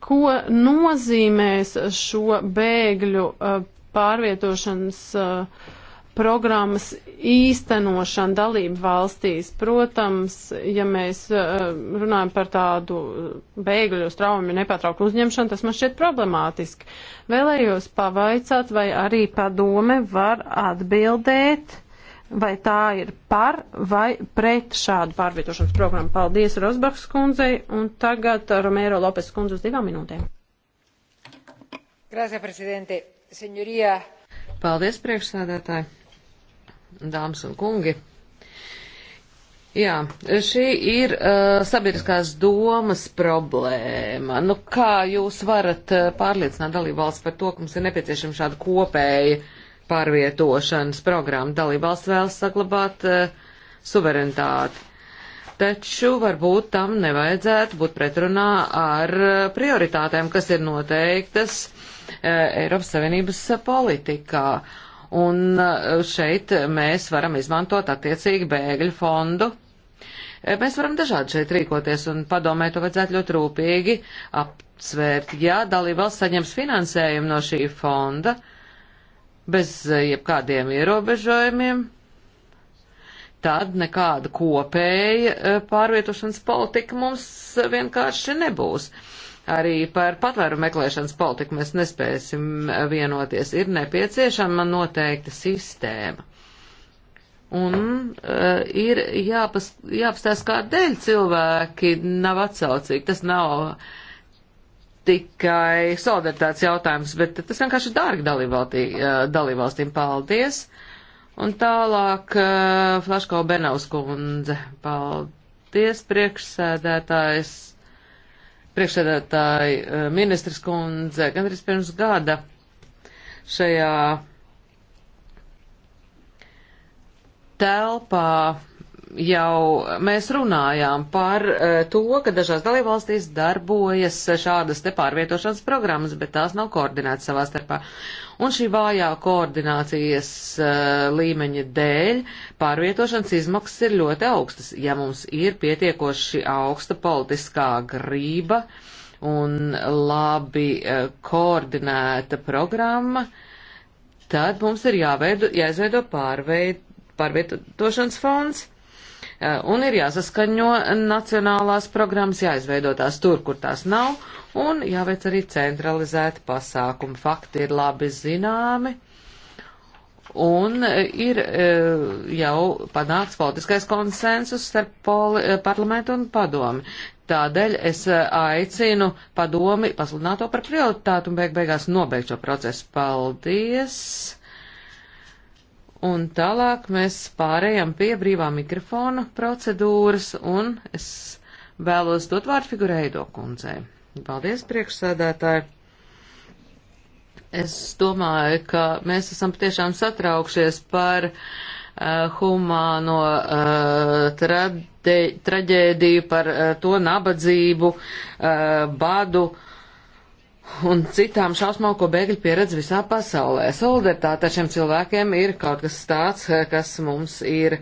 ko nozīmēs šo bēgļu uh, pārvietošanas uh, programmas īstenošana dalību valstīs. Protams, ja mēs eh, runājam par tādu eh, bēgļu straumi nepārtrauktu uzņemšanu, tas man šķiet problemātiski. Vēlējos pavaicāt, vai arī padome var atbildēt, vai tā ir par vai pret šādu pārvietošanas programmu. Paldies Rosbachs kundzei un tagad Romēro Lopes kundze uz divām minūtēm. Gracias, presidente. Señoría. Paldies, priekšsēdētāji dāmas un kungi. Jā, šī ir uh, sabiedriskās domas problēma. Nu, kā jūs varat uh, pārliecināt dalībvalsts par to, ka mums ir nepieciešama šāda kopēja pārvietošanas programma? Dalībvalsts vēlas saglabāt uh, suverenitāti. Taču varbūt tam nevajadzētu būt pretrunā ar uh, prioritātēm, kas ir noteiktas uh, Eiropas Savienības politikā. Uh, Un eh, šeit mēs varam izmantot attiecīgi bēgļu fondu. Eh, mēs varam dažādi šeit rīkoties un padomē to vajadzētu ļoti rūpīgi apsvērt. Ja dalībvalsts saņems finansējumu no šī fonda bez eh, jebkādiem ierobežojumiem, tad nekāda kopēja pārvietošanas politika mums vienkārši nebūs. Uh, Arī par patvēru meklēšanas politiku mēs nespēsim eh, vienoties. Ir nepieciešama noteikta sistēma. Un uh, ir jāpas, jāpastāst, kādēļ cilvēki nav atsaucīgi. Tas nav tikai solidaritātes jautājums, bet tas vienkārši dārgi dalībvaltī, uh, dalībvalstīm. Paldies! Un tālāk uh, Flaško Benaus kundze. Paldies, priekšsēdētājs priekšsēdētāji eh, ministrs kundze gandrīz pirms gada šajā telpā jau mēs runājām par eh, to, ka dažās dalībvalstīs darbojas šādas te pārvietošanas programmas, bet tās nav koordinētas savā starpā. Un šī vājā koordinācijas eh, līmeņa dēļ pārvietošanas izmaksas ir ļoti augstas, ja mums ir pietiekoši augsta politiskā grība un labi eh, koordinēta programma, tad mums ir jāveido, jāizveido pārveid, pārvietošanas fonds Eh, un ir jāsaskaņo nacionālās programmas, jāizveido tās tur, kur tās nav, un jāveic arī centralizēti pasākumi. Fakti ir labi zināmi. Un ir eh, jau panāks politiskais konsensus starp eh, parlamentu un padomi. Tādēļ es aicinu padomi pasludināt to par prioritātu un beig beigās nobeigt šo procesu. Paldies! Un tālāk mēs pārējām pie brīvā mikrofona procedūras, un es vēlos dot vārdu figurēdo kundzei. Paldies, priekšsēdētāji! Es domāju, ka mēs esam patiešām satraukšies par uh, humāno uh, trade, traģēdiju, par uh, to nabadzību, uh, badu. Uh, un citām šausmām, ko bēgļi pieredz visā pasaulē. Solidaritāte ar šiem cilvēkiem ir kaut kas tāds, kas mums ir,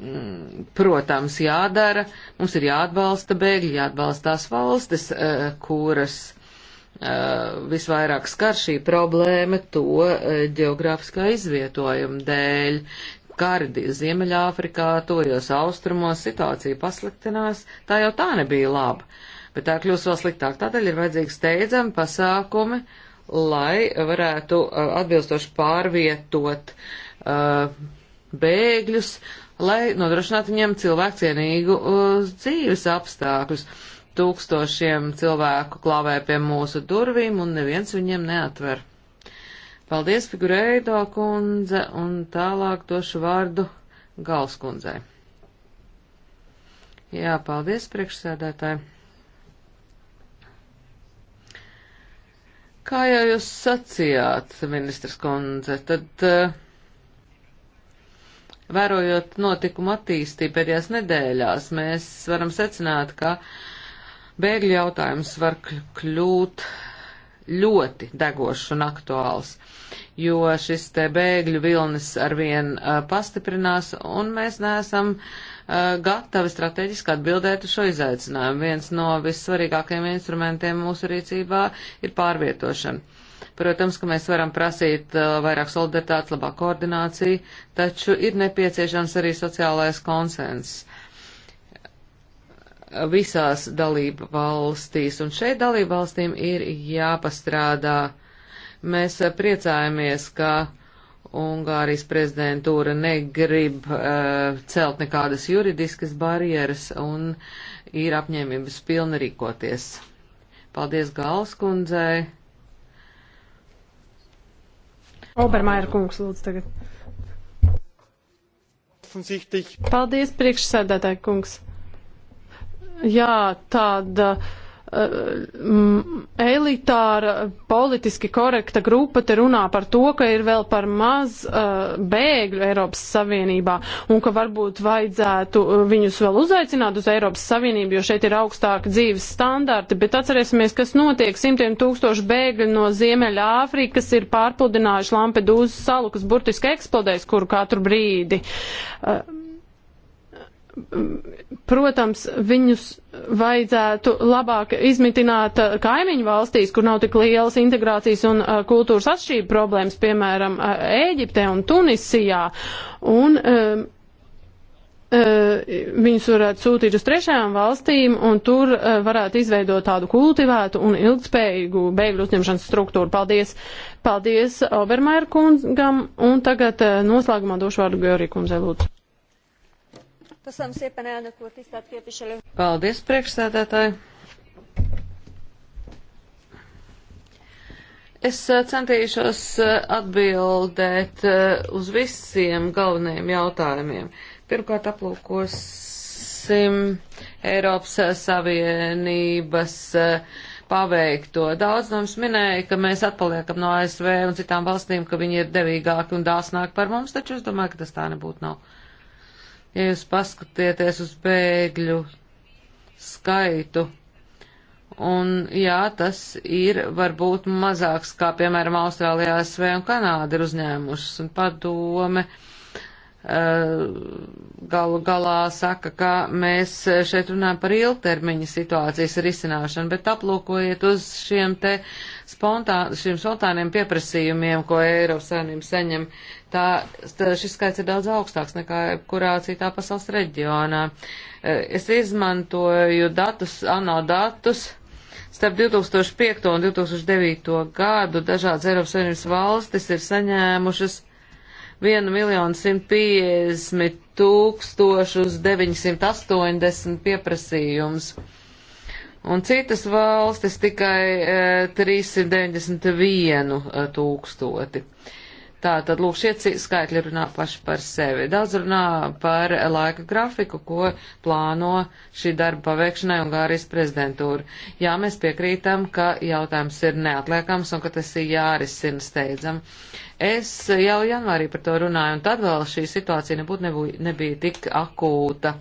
mm, protams, jādara. Mums ir jāatbalsta bēgļi, jāatbalsta tās valstis, eh, kuras eh, visvairāk skar šī problēma to eh, geogrāfiskā izvietojuma dēļ. Kardi Ziemeļāfrikā, tojos austrumos situācija pasliktinās, tā jau tā nebija laba. Uh, bet tā kļūs vēl sliktāk. Tādēļ ir vajadzīgi steidzami pasākumi, lai varētu atbilstoši pārvietot uh, bēgļus, lai nodrošinātu viņiem cilvēkcienīgu uh, dzīves apstākļus. Tūkstošiem cilvēku klāvē pie mūsu durvīm un neviens viņiem neatver. Paldies, Figureido kundze, un tālāk došu vārdu Galskundzei. Jā, paldies, priekšsēdētāji. Kā jau jūs sacījāt, ministrs kundze, tad eh, vērojot notikumu attīstību pēdējās nedēļās, mēs varam secināt, ka bēgļu jautājums var kļūt ļoti degošs un aktuāls, jo šis te bēgļu vilnis arvien eh, pastiprinās, un mēs neesam uh, Eh, gatavi strateģiski atbildēt uz šo izaicinājumu. Viens no vissvarīgākajiem instrumentiem mūsu rīcībā ir pārvietošana. Protams, ka mēs varam prasīt eh, vairāk solidaritātes, labāk koordināciju, taču ir nepieciešams arī sociālais konsens visās dalība valstīs, un šeit dalība valstīm ir jāpastrādā. Mēs priecājamies, ka uh, Ungārijas prezidentūra negrib uh, celt nekādas juridiskas barjeras un ir apņēmības pilna rīkoties. Paldies Galskundzei. Obermaira kungs lūdzu tagad. Paldies priekšsēdētāji kungs. Jā, tāda. Uh, Eh, mm, elitāra, politiski korekta grupa te runā par to, ka ir vēl par maz uh, bēgļu Eiropas Savienībā un ka varbūt vajadzētu eh, viņus vēl uzaicināt uz Eiropas Savienību, jo šeit ir augstāki dzīves standarti, bet atcerēsimies, kas notiek. Simtiem tūkstoši bēgļu no Ziemeļa Āfrikas ir pārpludinājuši Lampedūzas salu, kas burtiski eksplodēs kuru katru brīdi. Uh, protams, viņus vajadzētu labāk izmitināt eh, kaimiņu valstīs, kur nav tik lielas integrācijas un eh, kultūras atšķība problēmas, piemēram, eh, Ēģiptē un Tunisijā. Un, um, Viņus varētu sūtīt uz trešajām valstīm, un tur varētu izveidot tādu kultivētu un ilgspējīgu bēgļu uzņemšanas struktūru. Paldies, paldies Obermaier kungam, un tagad noslēgumā došu vārdu Georgi kundzei lūdzu. Paldies, priekšsēdētāji! Es eh, centīšos eh, atbildēt eh, uz visiem galvenajiem jautājumiem. Pirmkārt, aplūkosim Eiropas Savienības paveikto. Daudz no mums minēja, ka mēs atpaliekam no ASV un citām valstīm, ka viņi ir devīgāki un dāsnāki par mums, taču es domāju, ka tas tā nebūtu nav. Ja jūs paskatieties uz bēgļu skaitu, un jā, tas ir varbūt mazāks, kā piemēram Austrālijā, SV un Kanāda ir uzņēmušas, un padome eh, galu galā saka, ka mēs šeit runājam par ilgtermiņa situācijas risināšanu, bet aplūkojiet uz šiem te spontā, šiem spontāniem pieprasījumiem, ko Eiropas saimnība saņem tā, tā, šis skaits ir daudz augstāks nekā kurā citā pasaules reģionā. E, es izmantoju datus, ANO datus, starp 2005 un 2009 gadu dažādas Eiropas Savienības valstis ir saņēmušas 1 miljonu 150 tūkstošus 980 pieprasījums. Un citas valstis tikai e, 391 e, tūkstoti. E, Tā tad lūk, šie skaitļi runā paši par sevi. Daudz runā par laika grafiku, ko plāno šī darba paveikšanai Ungārijas prezidentūra. Jā, mēs piekrītam, ka jautājums ir neatliekams un ka tas ir jārisina steidzam. Es jau janvārī par to runāju, un tad vēl šī situācija nebūtu nebū, nebija tik akūta.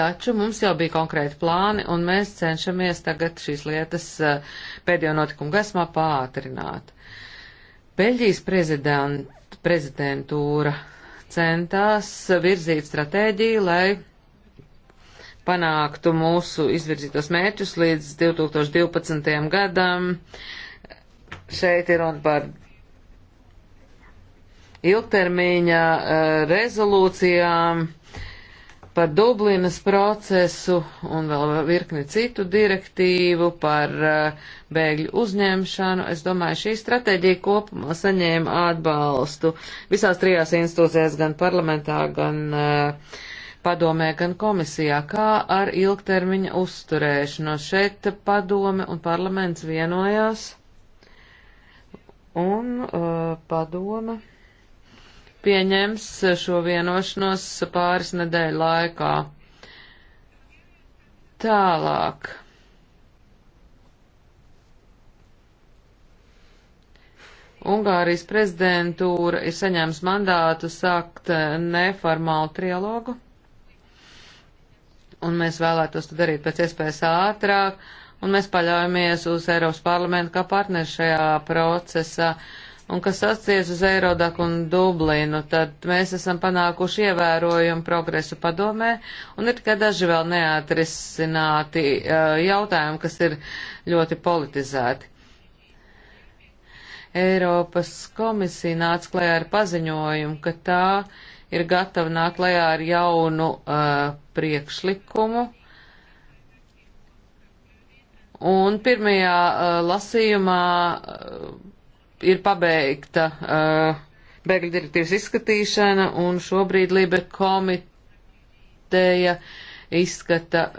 Taču mums jau bija konkrēti plāni, un mēs cenšamies tagad šīs lietas eh, pēdējo notikumu gaismā pātrināt. Beļģijas prezident, prezidentūra centās virzīt stratēģiju, lai panāktu mūsu izvirzītos mērķus līdz 2012. gadam. Šeit ir runa par ilgtermiņa eh, rezolūcijām, par Dublinas procesu un vēl virkni citu direktīvu par eh, bēgļu uzņemšanu. Es domāju, šī stratēģija kopumā saņēma atbalstu visās trijās institūcijās, gan parlamentā, gan uh, padomē, gan komisijā, kā ar ilgtermiņa uzturēšanos. Šeit padome un parlaments vienojās. Un uh, padome pieņems šo vienošanos pāris nedēļu laikā. Tālāk. Ungārijas prezidentūra ir saņēmusi mandātu sākt neformālu trialogu, un mēs vēlētos to darīt pēc iespējas ātrāk, un mēs paļaujamies uz Eiropas parlamentu kā partneri šajā procesā. Uh, Un kas atcies uz Eirodaku un Dublinu, tad mēs esam panākuši ievērojumu progresu padomē, un ir tikai daži vēl neatrisināti uh, jautājumi, kas ir ļoti politizēti. Eiropas komisija nāca klajā ar paziņojumu, ka tā ir gatava nākt klajā ar jaunu uh, priekšlikumu. Un pirmajā uh, lasījumā uh, ir pabeigta uh, bēgļu direktīvas izskatīšana, un šobrīd Libe komiteja izskata uh,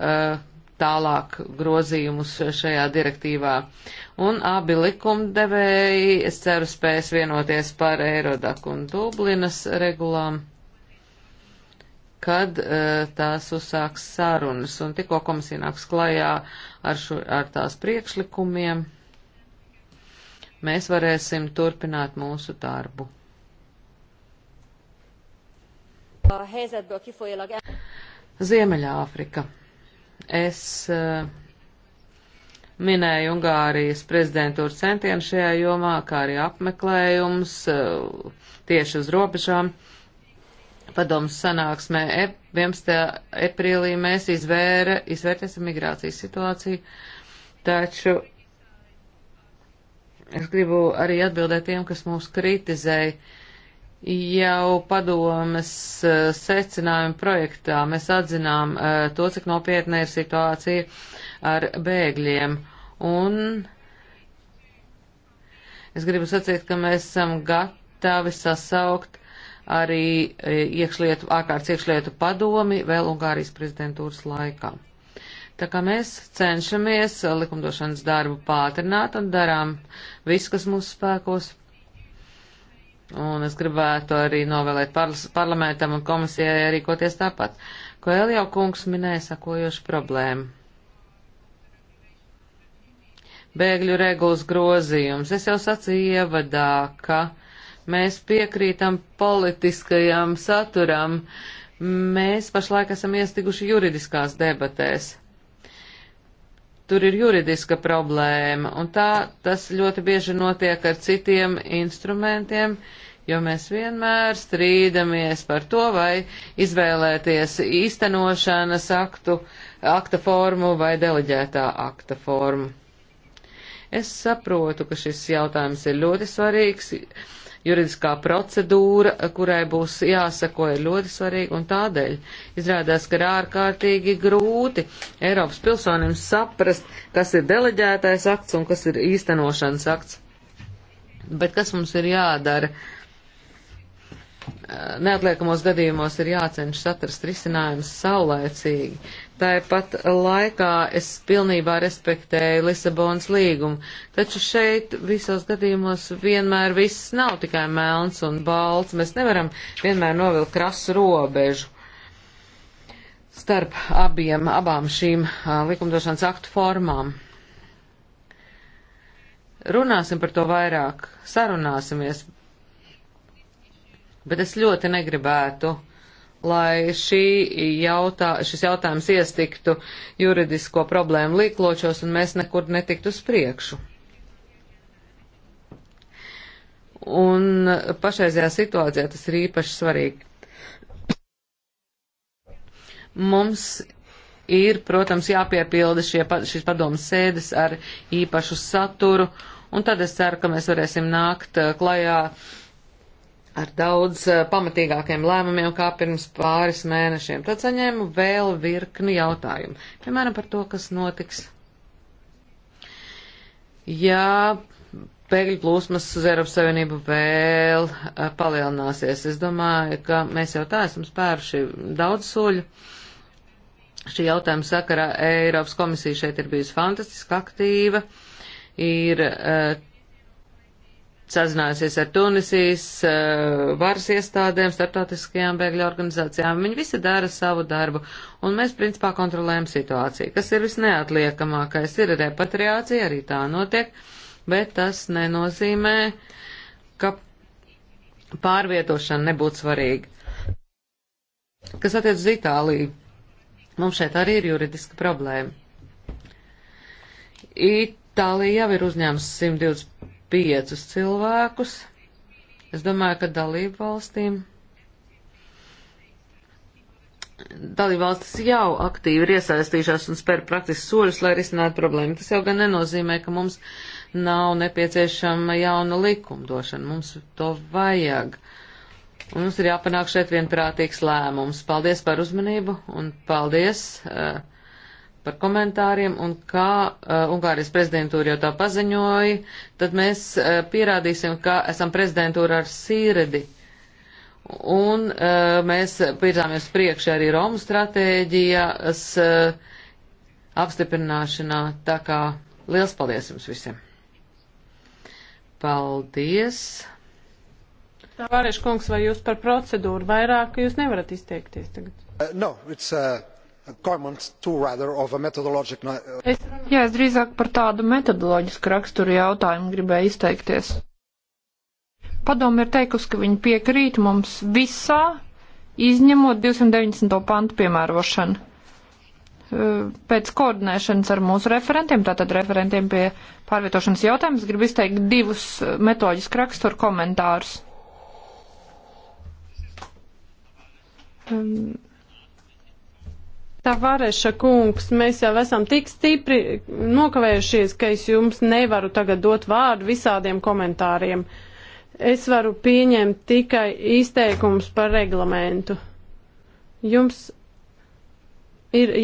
tālāk grozījumus šajā direktīvā. Un abi likumdevēji, es ceru, spēs vienoties par Eirodaku un Dublinas regulām, kad uh, tās uzsāks sarunas. Un tikko komisija nāks klajā ar, šo, ar tās priekšlikumiem mēs varēsim turpināt mūsu darbu. Ziemeļāfrika. Es uh, minēju Ungārijas prezidentūras centienu šajā jomā, kā arī apmeklējums uh, tieši uz robežām. Padoms sanāksmē 11. aprīlī mēs izvēra, izvērtēsim migrācijas situāciju, taču Es gribu arī atbildēt tiem, kas mūs kritizēja. Jau padomas eh, secinājuma projektā mēs atzinām eh, to, cik nopietna ir situācija ar bēgļiem. Un es gribu sacīt, ka mēs esam gatavi sasaukt arī eh, iekšlietu, ārkārtas iekšlietu padomi vēl Ungārijas prezidentūras laikā. Tā kā mēs cenšamies likumdošanas darbu pātrināt un darām visu, kas mūsu spēkos. Un es gribētu arī novēlēt par, parlamentam un komisijai rīkoties tāpat, ko Eljau kungs minēja sakojošu problēmu. Bēgļu regulas grozījums. Es jau sacīju ievadā, ka mēs piekrītam politiskajam saturam. Mēs pašlaik esam iestiguši juridiskās debatēs tur ir juridiska problēma, un tā tas ļoti bieži notiek ar citiem instrumentiem, jo mēs vienmēr strīdamies par to, vai izvēlēties īstenošanas aktu, akta formu vai deleģētā akta formu. Es saprotu, ka šis jautājums ir ļoti svarīgs juridiskā procedūra, kurai būs jāsako, ir ļoti svarīga, un tādēļ izrādās, ka ir ārkārtīgi grūti Eiropas pilsonim saprast, kas ir deleģētais akts un kas ir īstenošanas akts. Bet kas mums ir jādara? Neatliekamos gadījumos ir jācenšas atrast risinājums saulēcīgi, Tāpat laikā es pilnībā respektēju Lisabonas līgumu, taču šeit visos gadījumos vienmēr viss nav tikai melns un balts. Mēs nevaram vienmēr novilkt krasu robežu starp abiem, abām šīm likumdošanas aktu formām. Runāsim par to vairāk, sarunāsimies, bet es ļoti negribētu lai jautā, šis jautājums iestiktu juridisko problēmu līkločos un mēs nekur netiktu uz priekšu. Un pašreizajā situācijā tas ir īpaši svarīgi. Mums ir, protams, jāpiepilda šie, šīs padomas sēdes ar īpašu saturu, un tad es ceru, ka mēs varēsim nākt uh, klajā uh, ar daudz eh, pamatīgākiem lēmumiem kā pirms pāris mēnešiem. Tad saņēmu vēl virkni jautājumu, piemēram, par to, kas notiks. Jā, pēkļu plūsmas uz Eiropas Savienību vēl eh, palielināsies. Es domāju, ka mēs jau tā esam spēruši daudz soļu. Šī jautājuma sakarā Eiropas komisija šeit ir bijusi fantastiski aktīva, ir eh, sazinājusies ar Tunisijas eh, varas iestādēm, starptautiskajām bēgļu organizācijām. Viņi visi dara savu darbu, un mēs principā kontrolējam situāciju. Kas ir visneatliekamākais, ir repatriācija, arī tā notiek, bet tas nenozīmē, ka pārvietošana nebūtu svarīga. Kas attiec uz Itāliju, mums šeit arī ir juridiska problēma. Itālija jau ir uzņēmusi 120 piecus cilvēkus. Es domāju, ka dalību valstīm. Dalībvalstis jau aktīvi ir iesaistījušās un spēr praktiski soļus, lai risinātu problēmu. Tas jau gan nenozīmē, ka mums nav nepieciešama jauna likumdošana. Mums to vajag. Un mums ir jāpanāk šeit vienprātīgs lēmums. Paldies par uzmanību un paldies. Uh, par komentāriem un kā uh, Ungārijas prezidentūra jau tā paziņoja, tad mēs uh, pierādīsim, ka esam prezidentūra ar sīredi. Un uh, mēs pirzāmies priekšā arī Romu stratēģijas uh, apstiprināšanā. Tā kā liels paldies jums visiem! Paldies! Tavārieši kungs, vai jūs par procedūru vairāk jūs nevarat izteikties tagad? Uh, no, it's, uh comments to rather of a methodological. Es, jā, es drīzāk par tādu metodoloģisku raksturu jautājumu gribēju izteikties. Padomi ir teikusi, ka viņi piekrīt mums visā, izņemot 290. pantu piemērošanu. Pēc koordinēšanas ar mūsu referentiem, tātad referentiem pie pārvietošanas jautājumus, gribu izteikt divus metodiski raksturu komentārus. Um, Tavareša kungs, mēs jau esam tik stipri nokavējušies, ka es jums nevaru tagad dot vārdu visādiem komentāriem. Es varu pieņemt tikai izteikums par reglamentu. Jums ir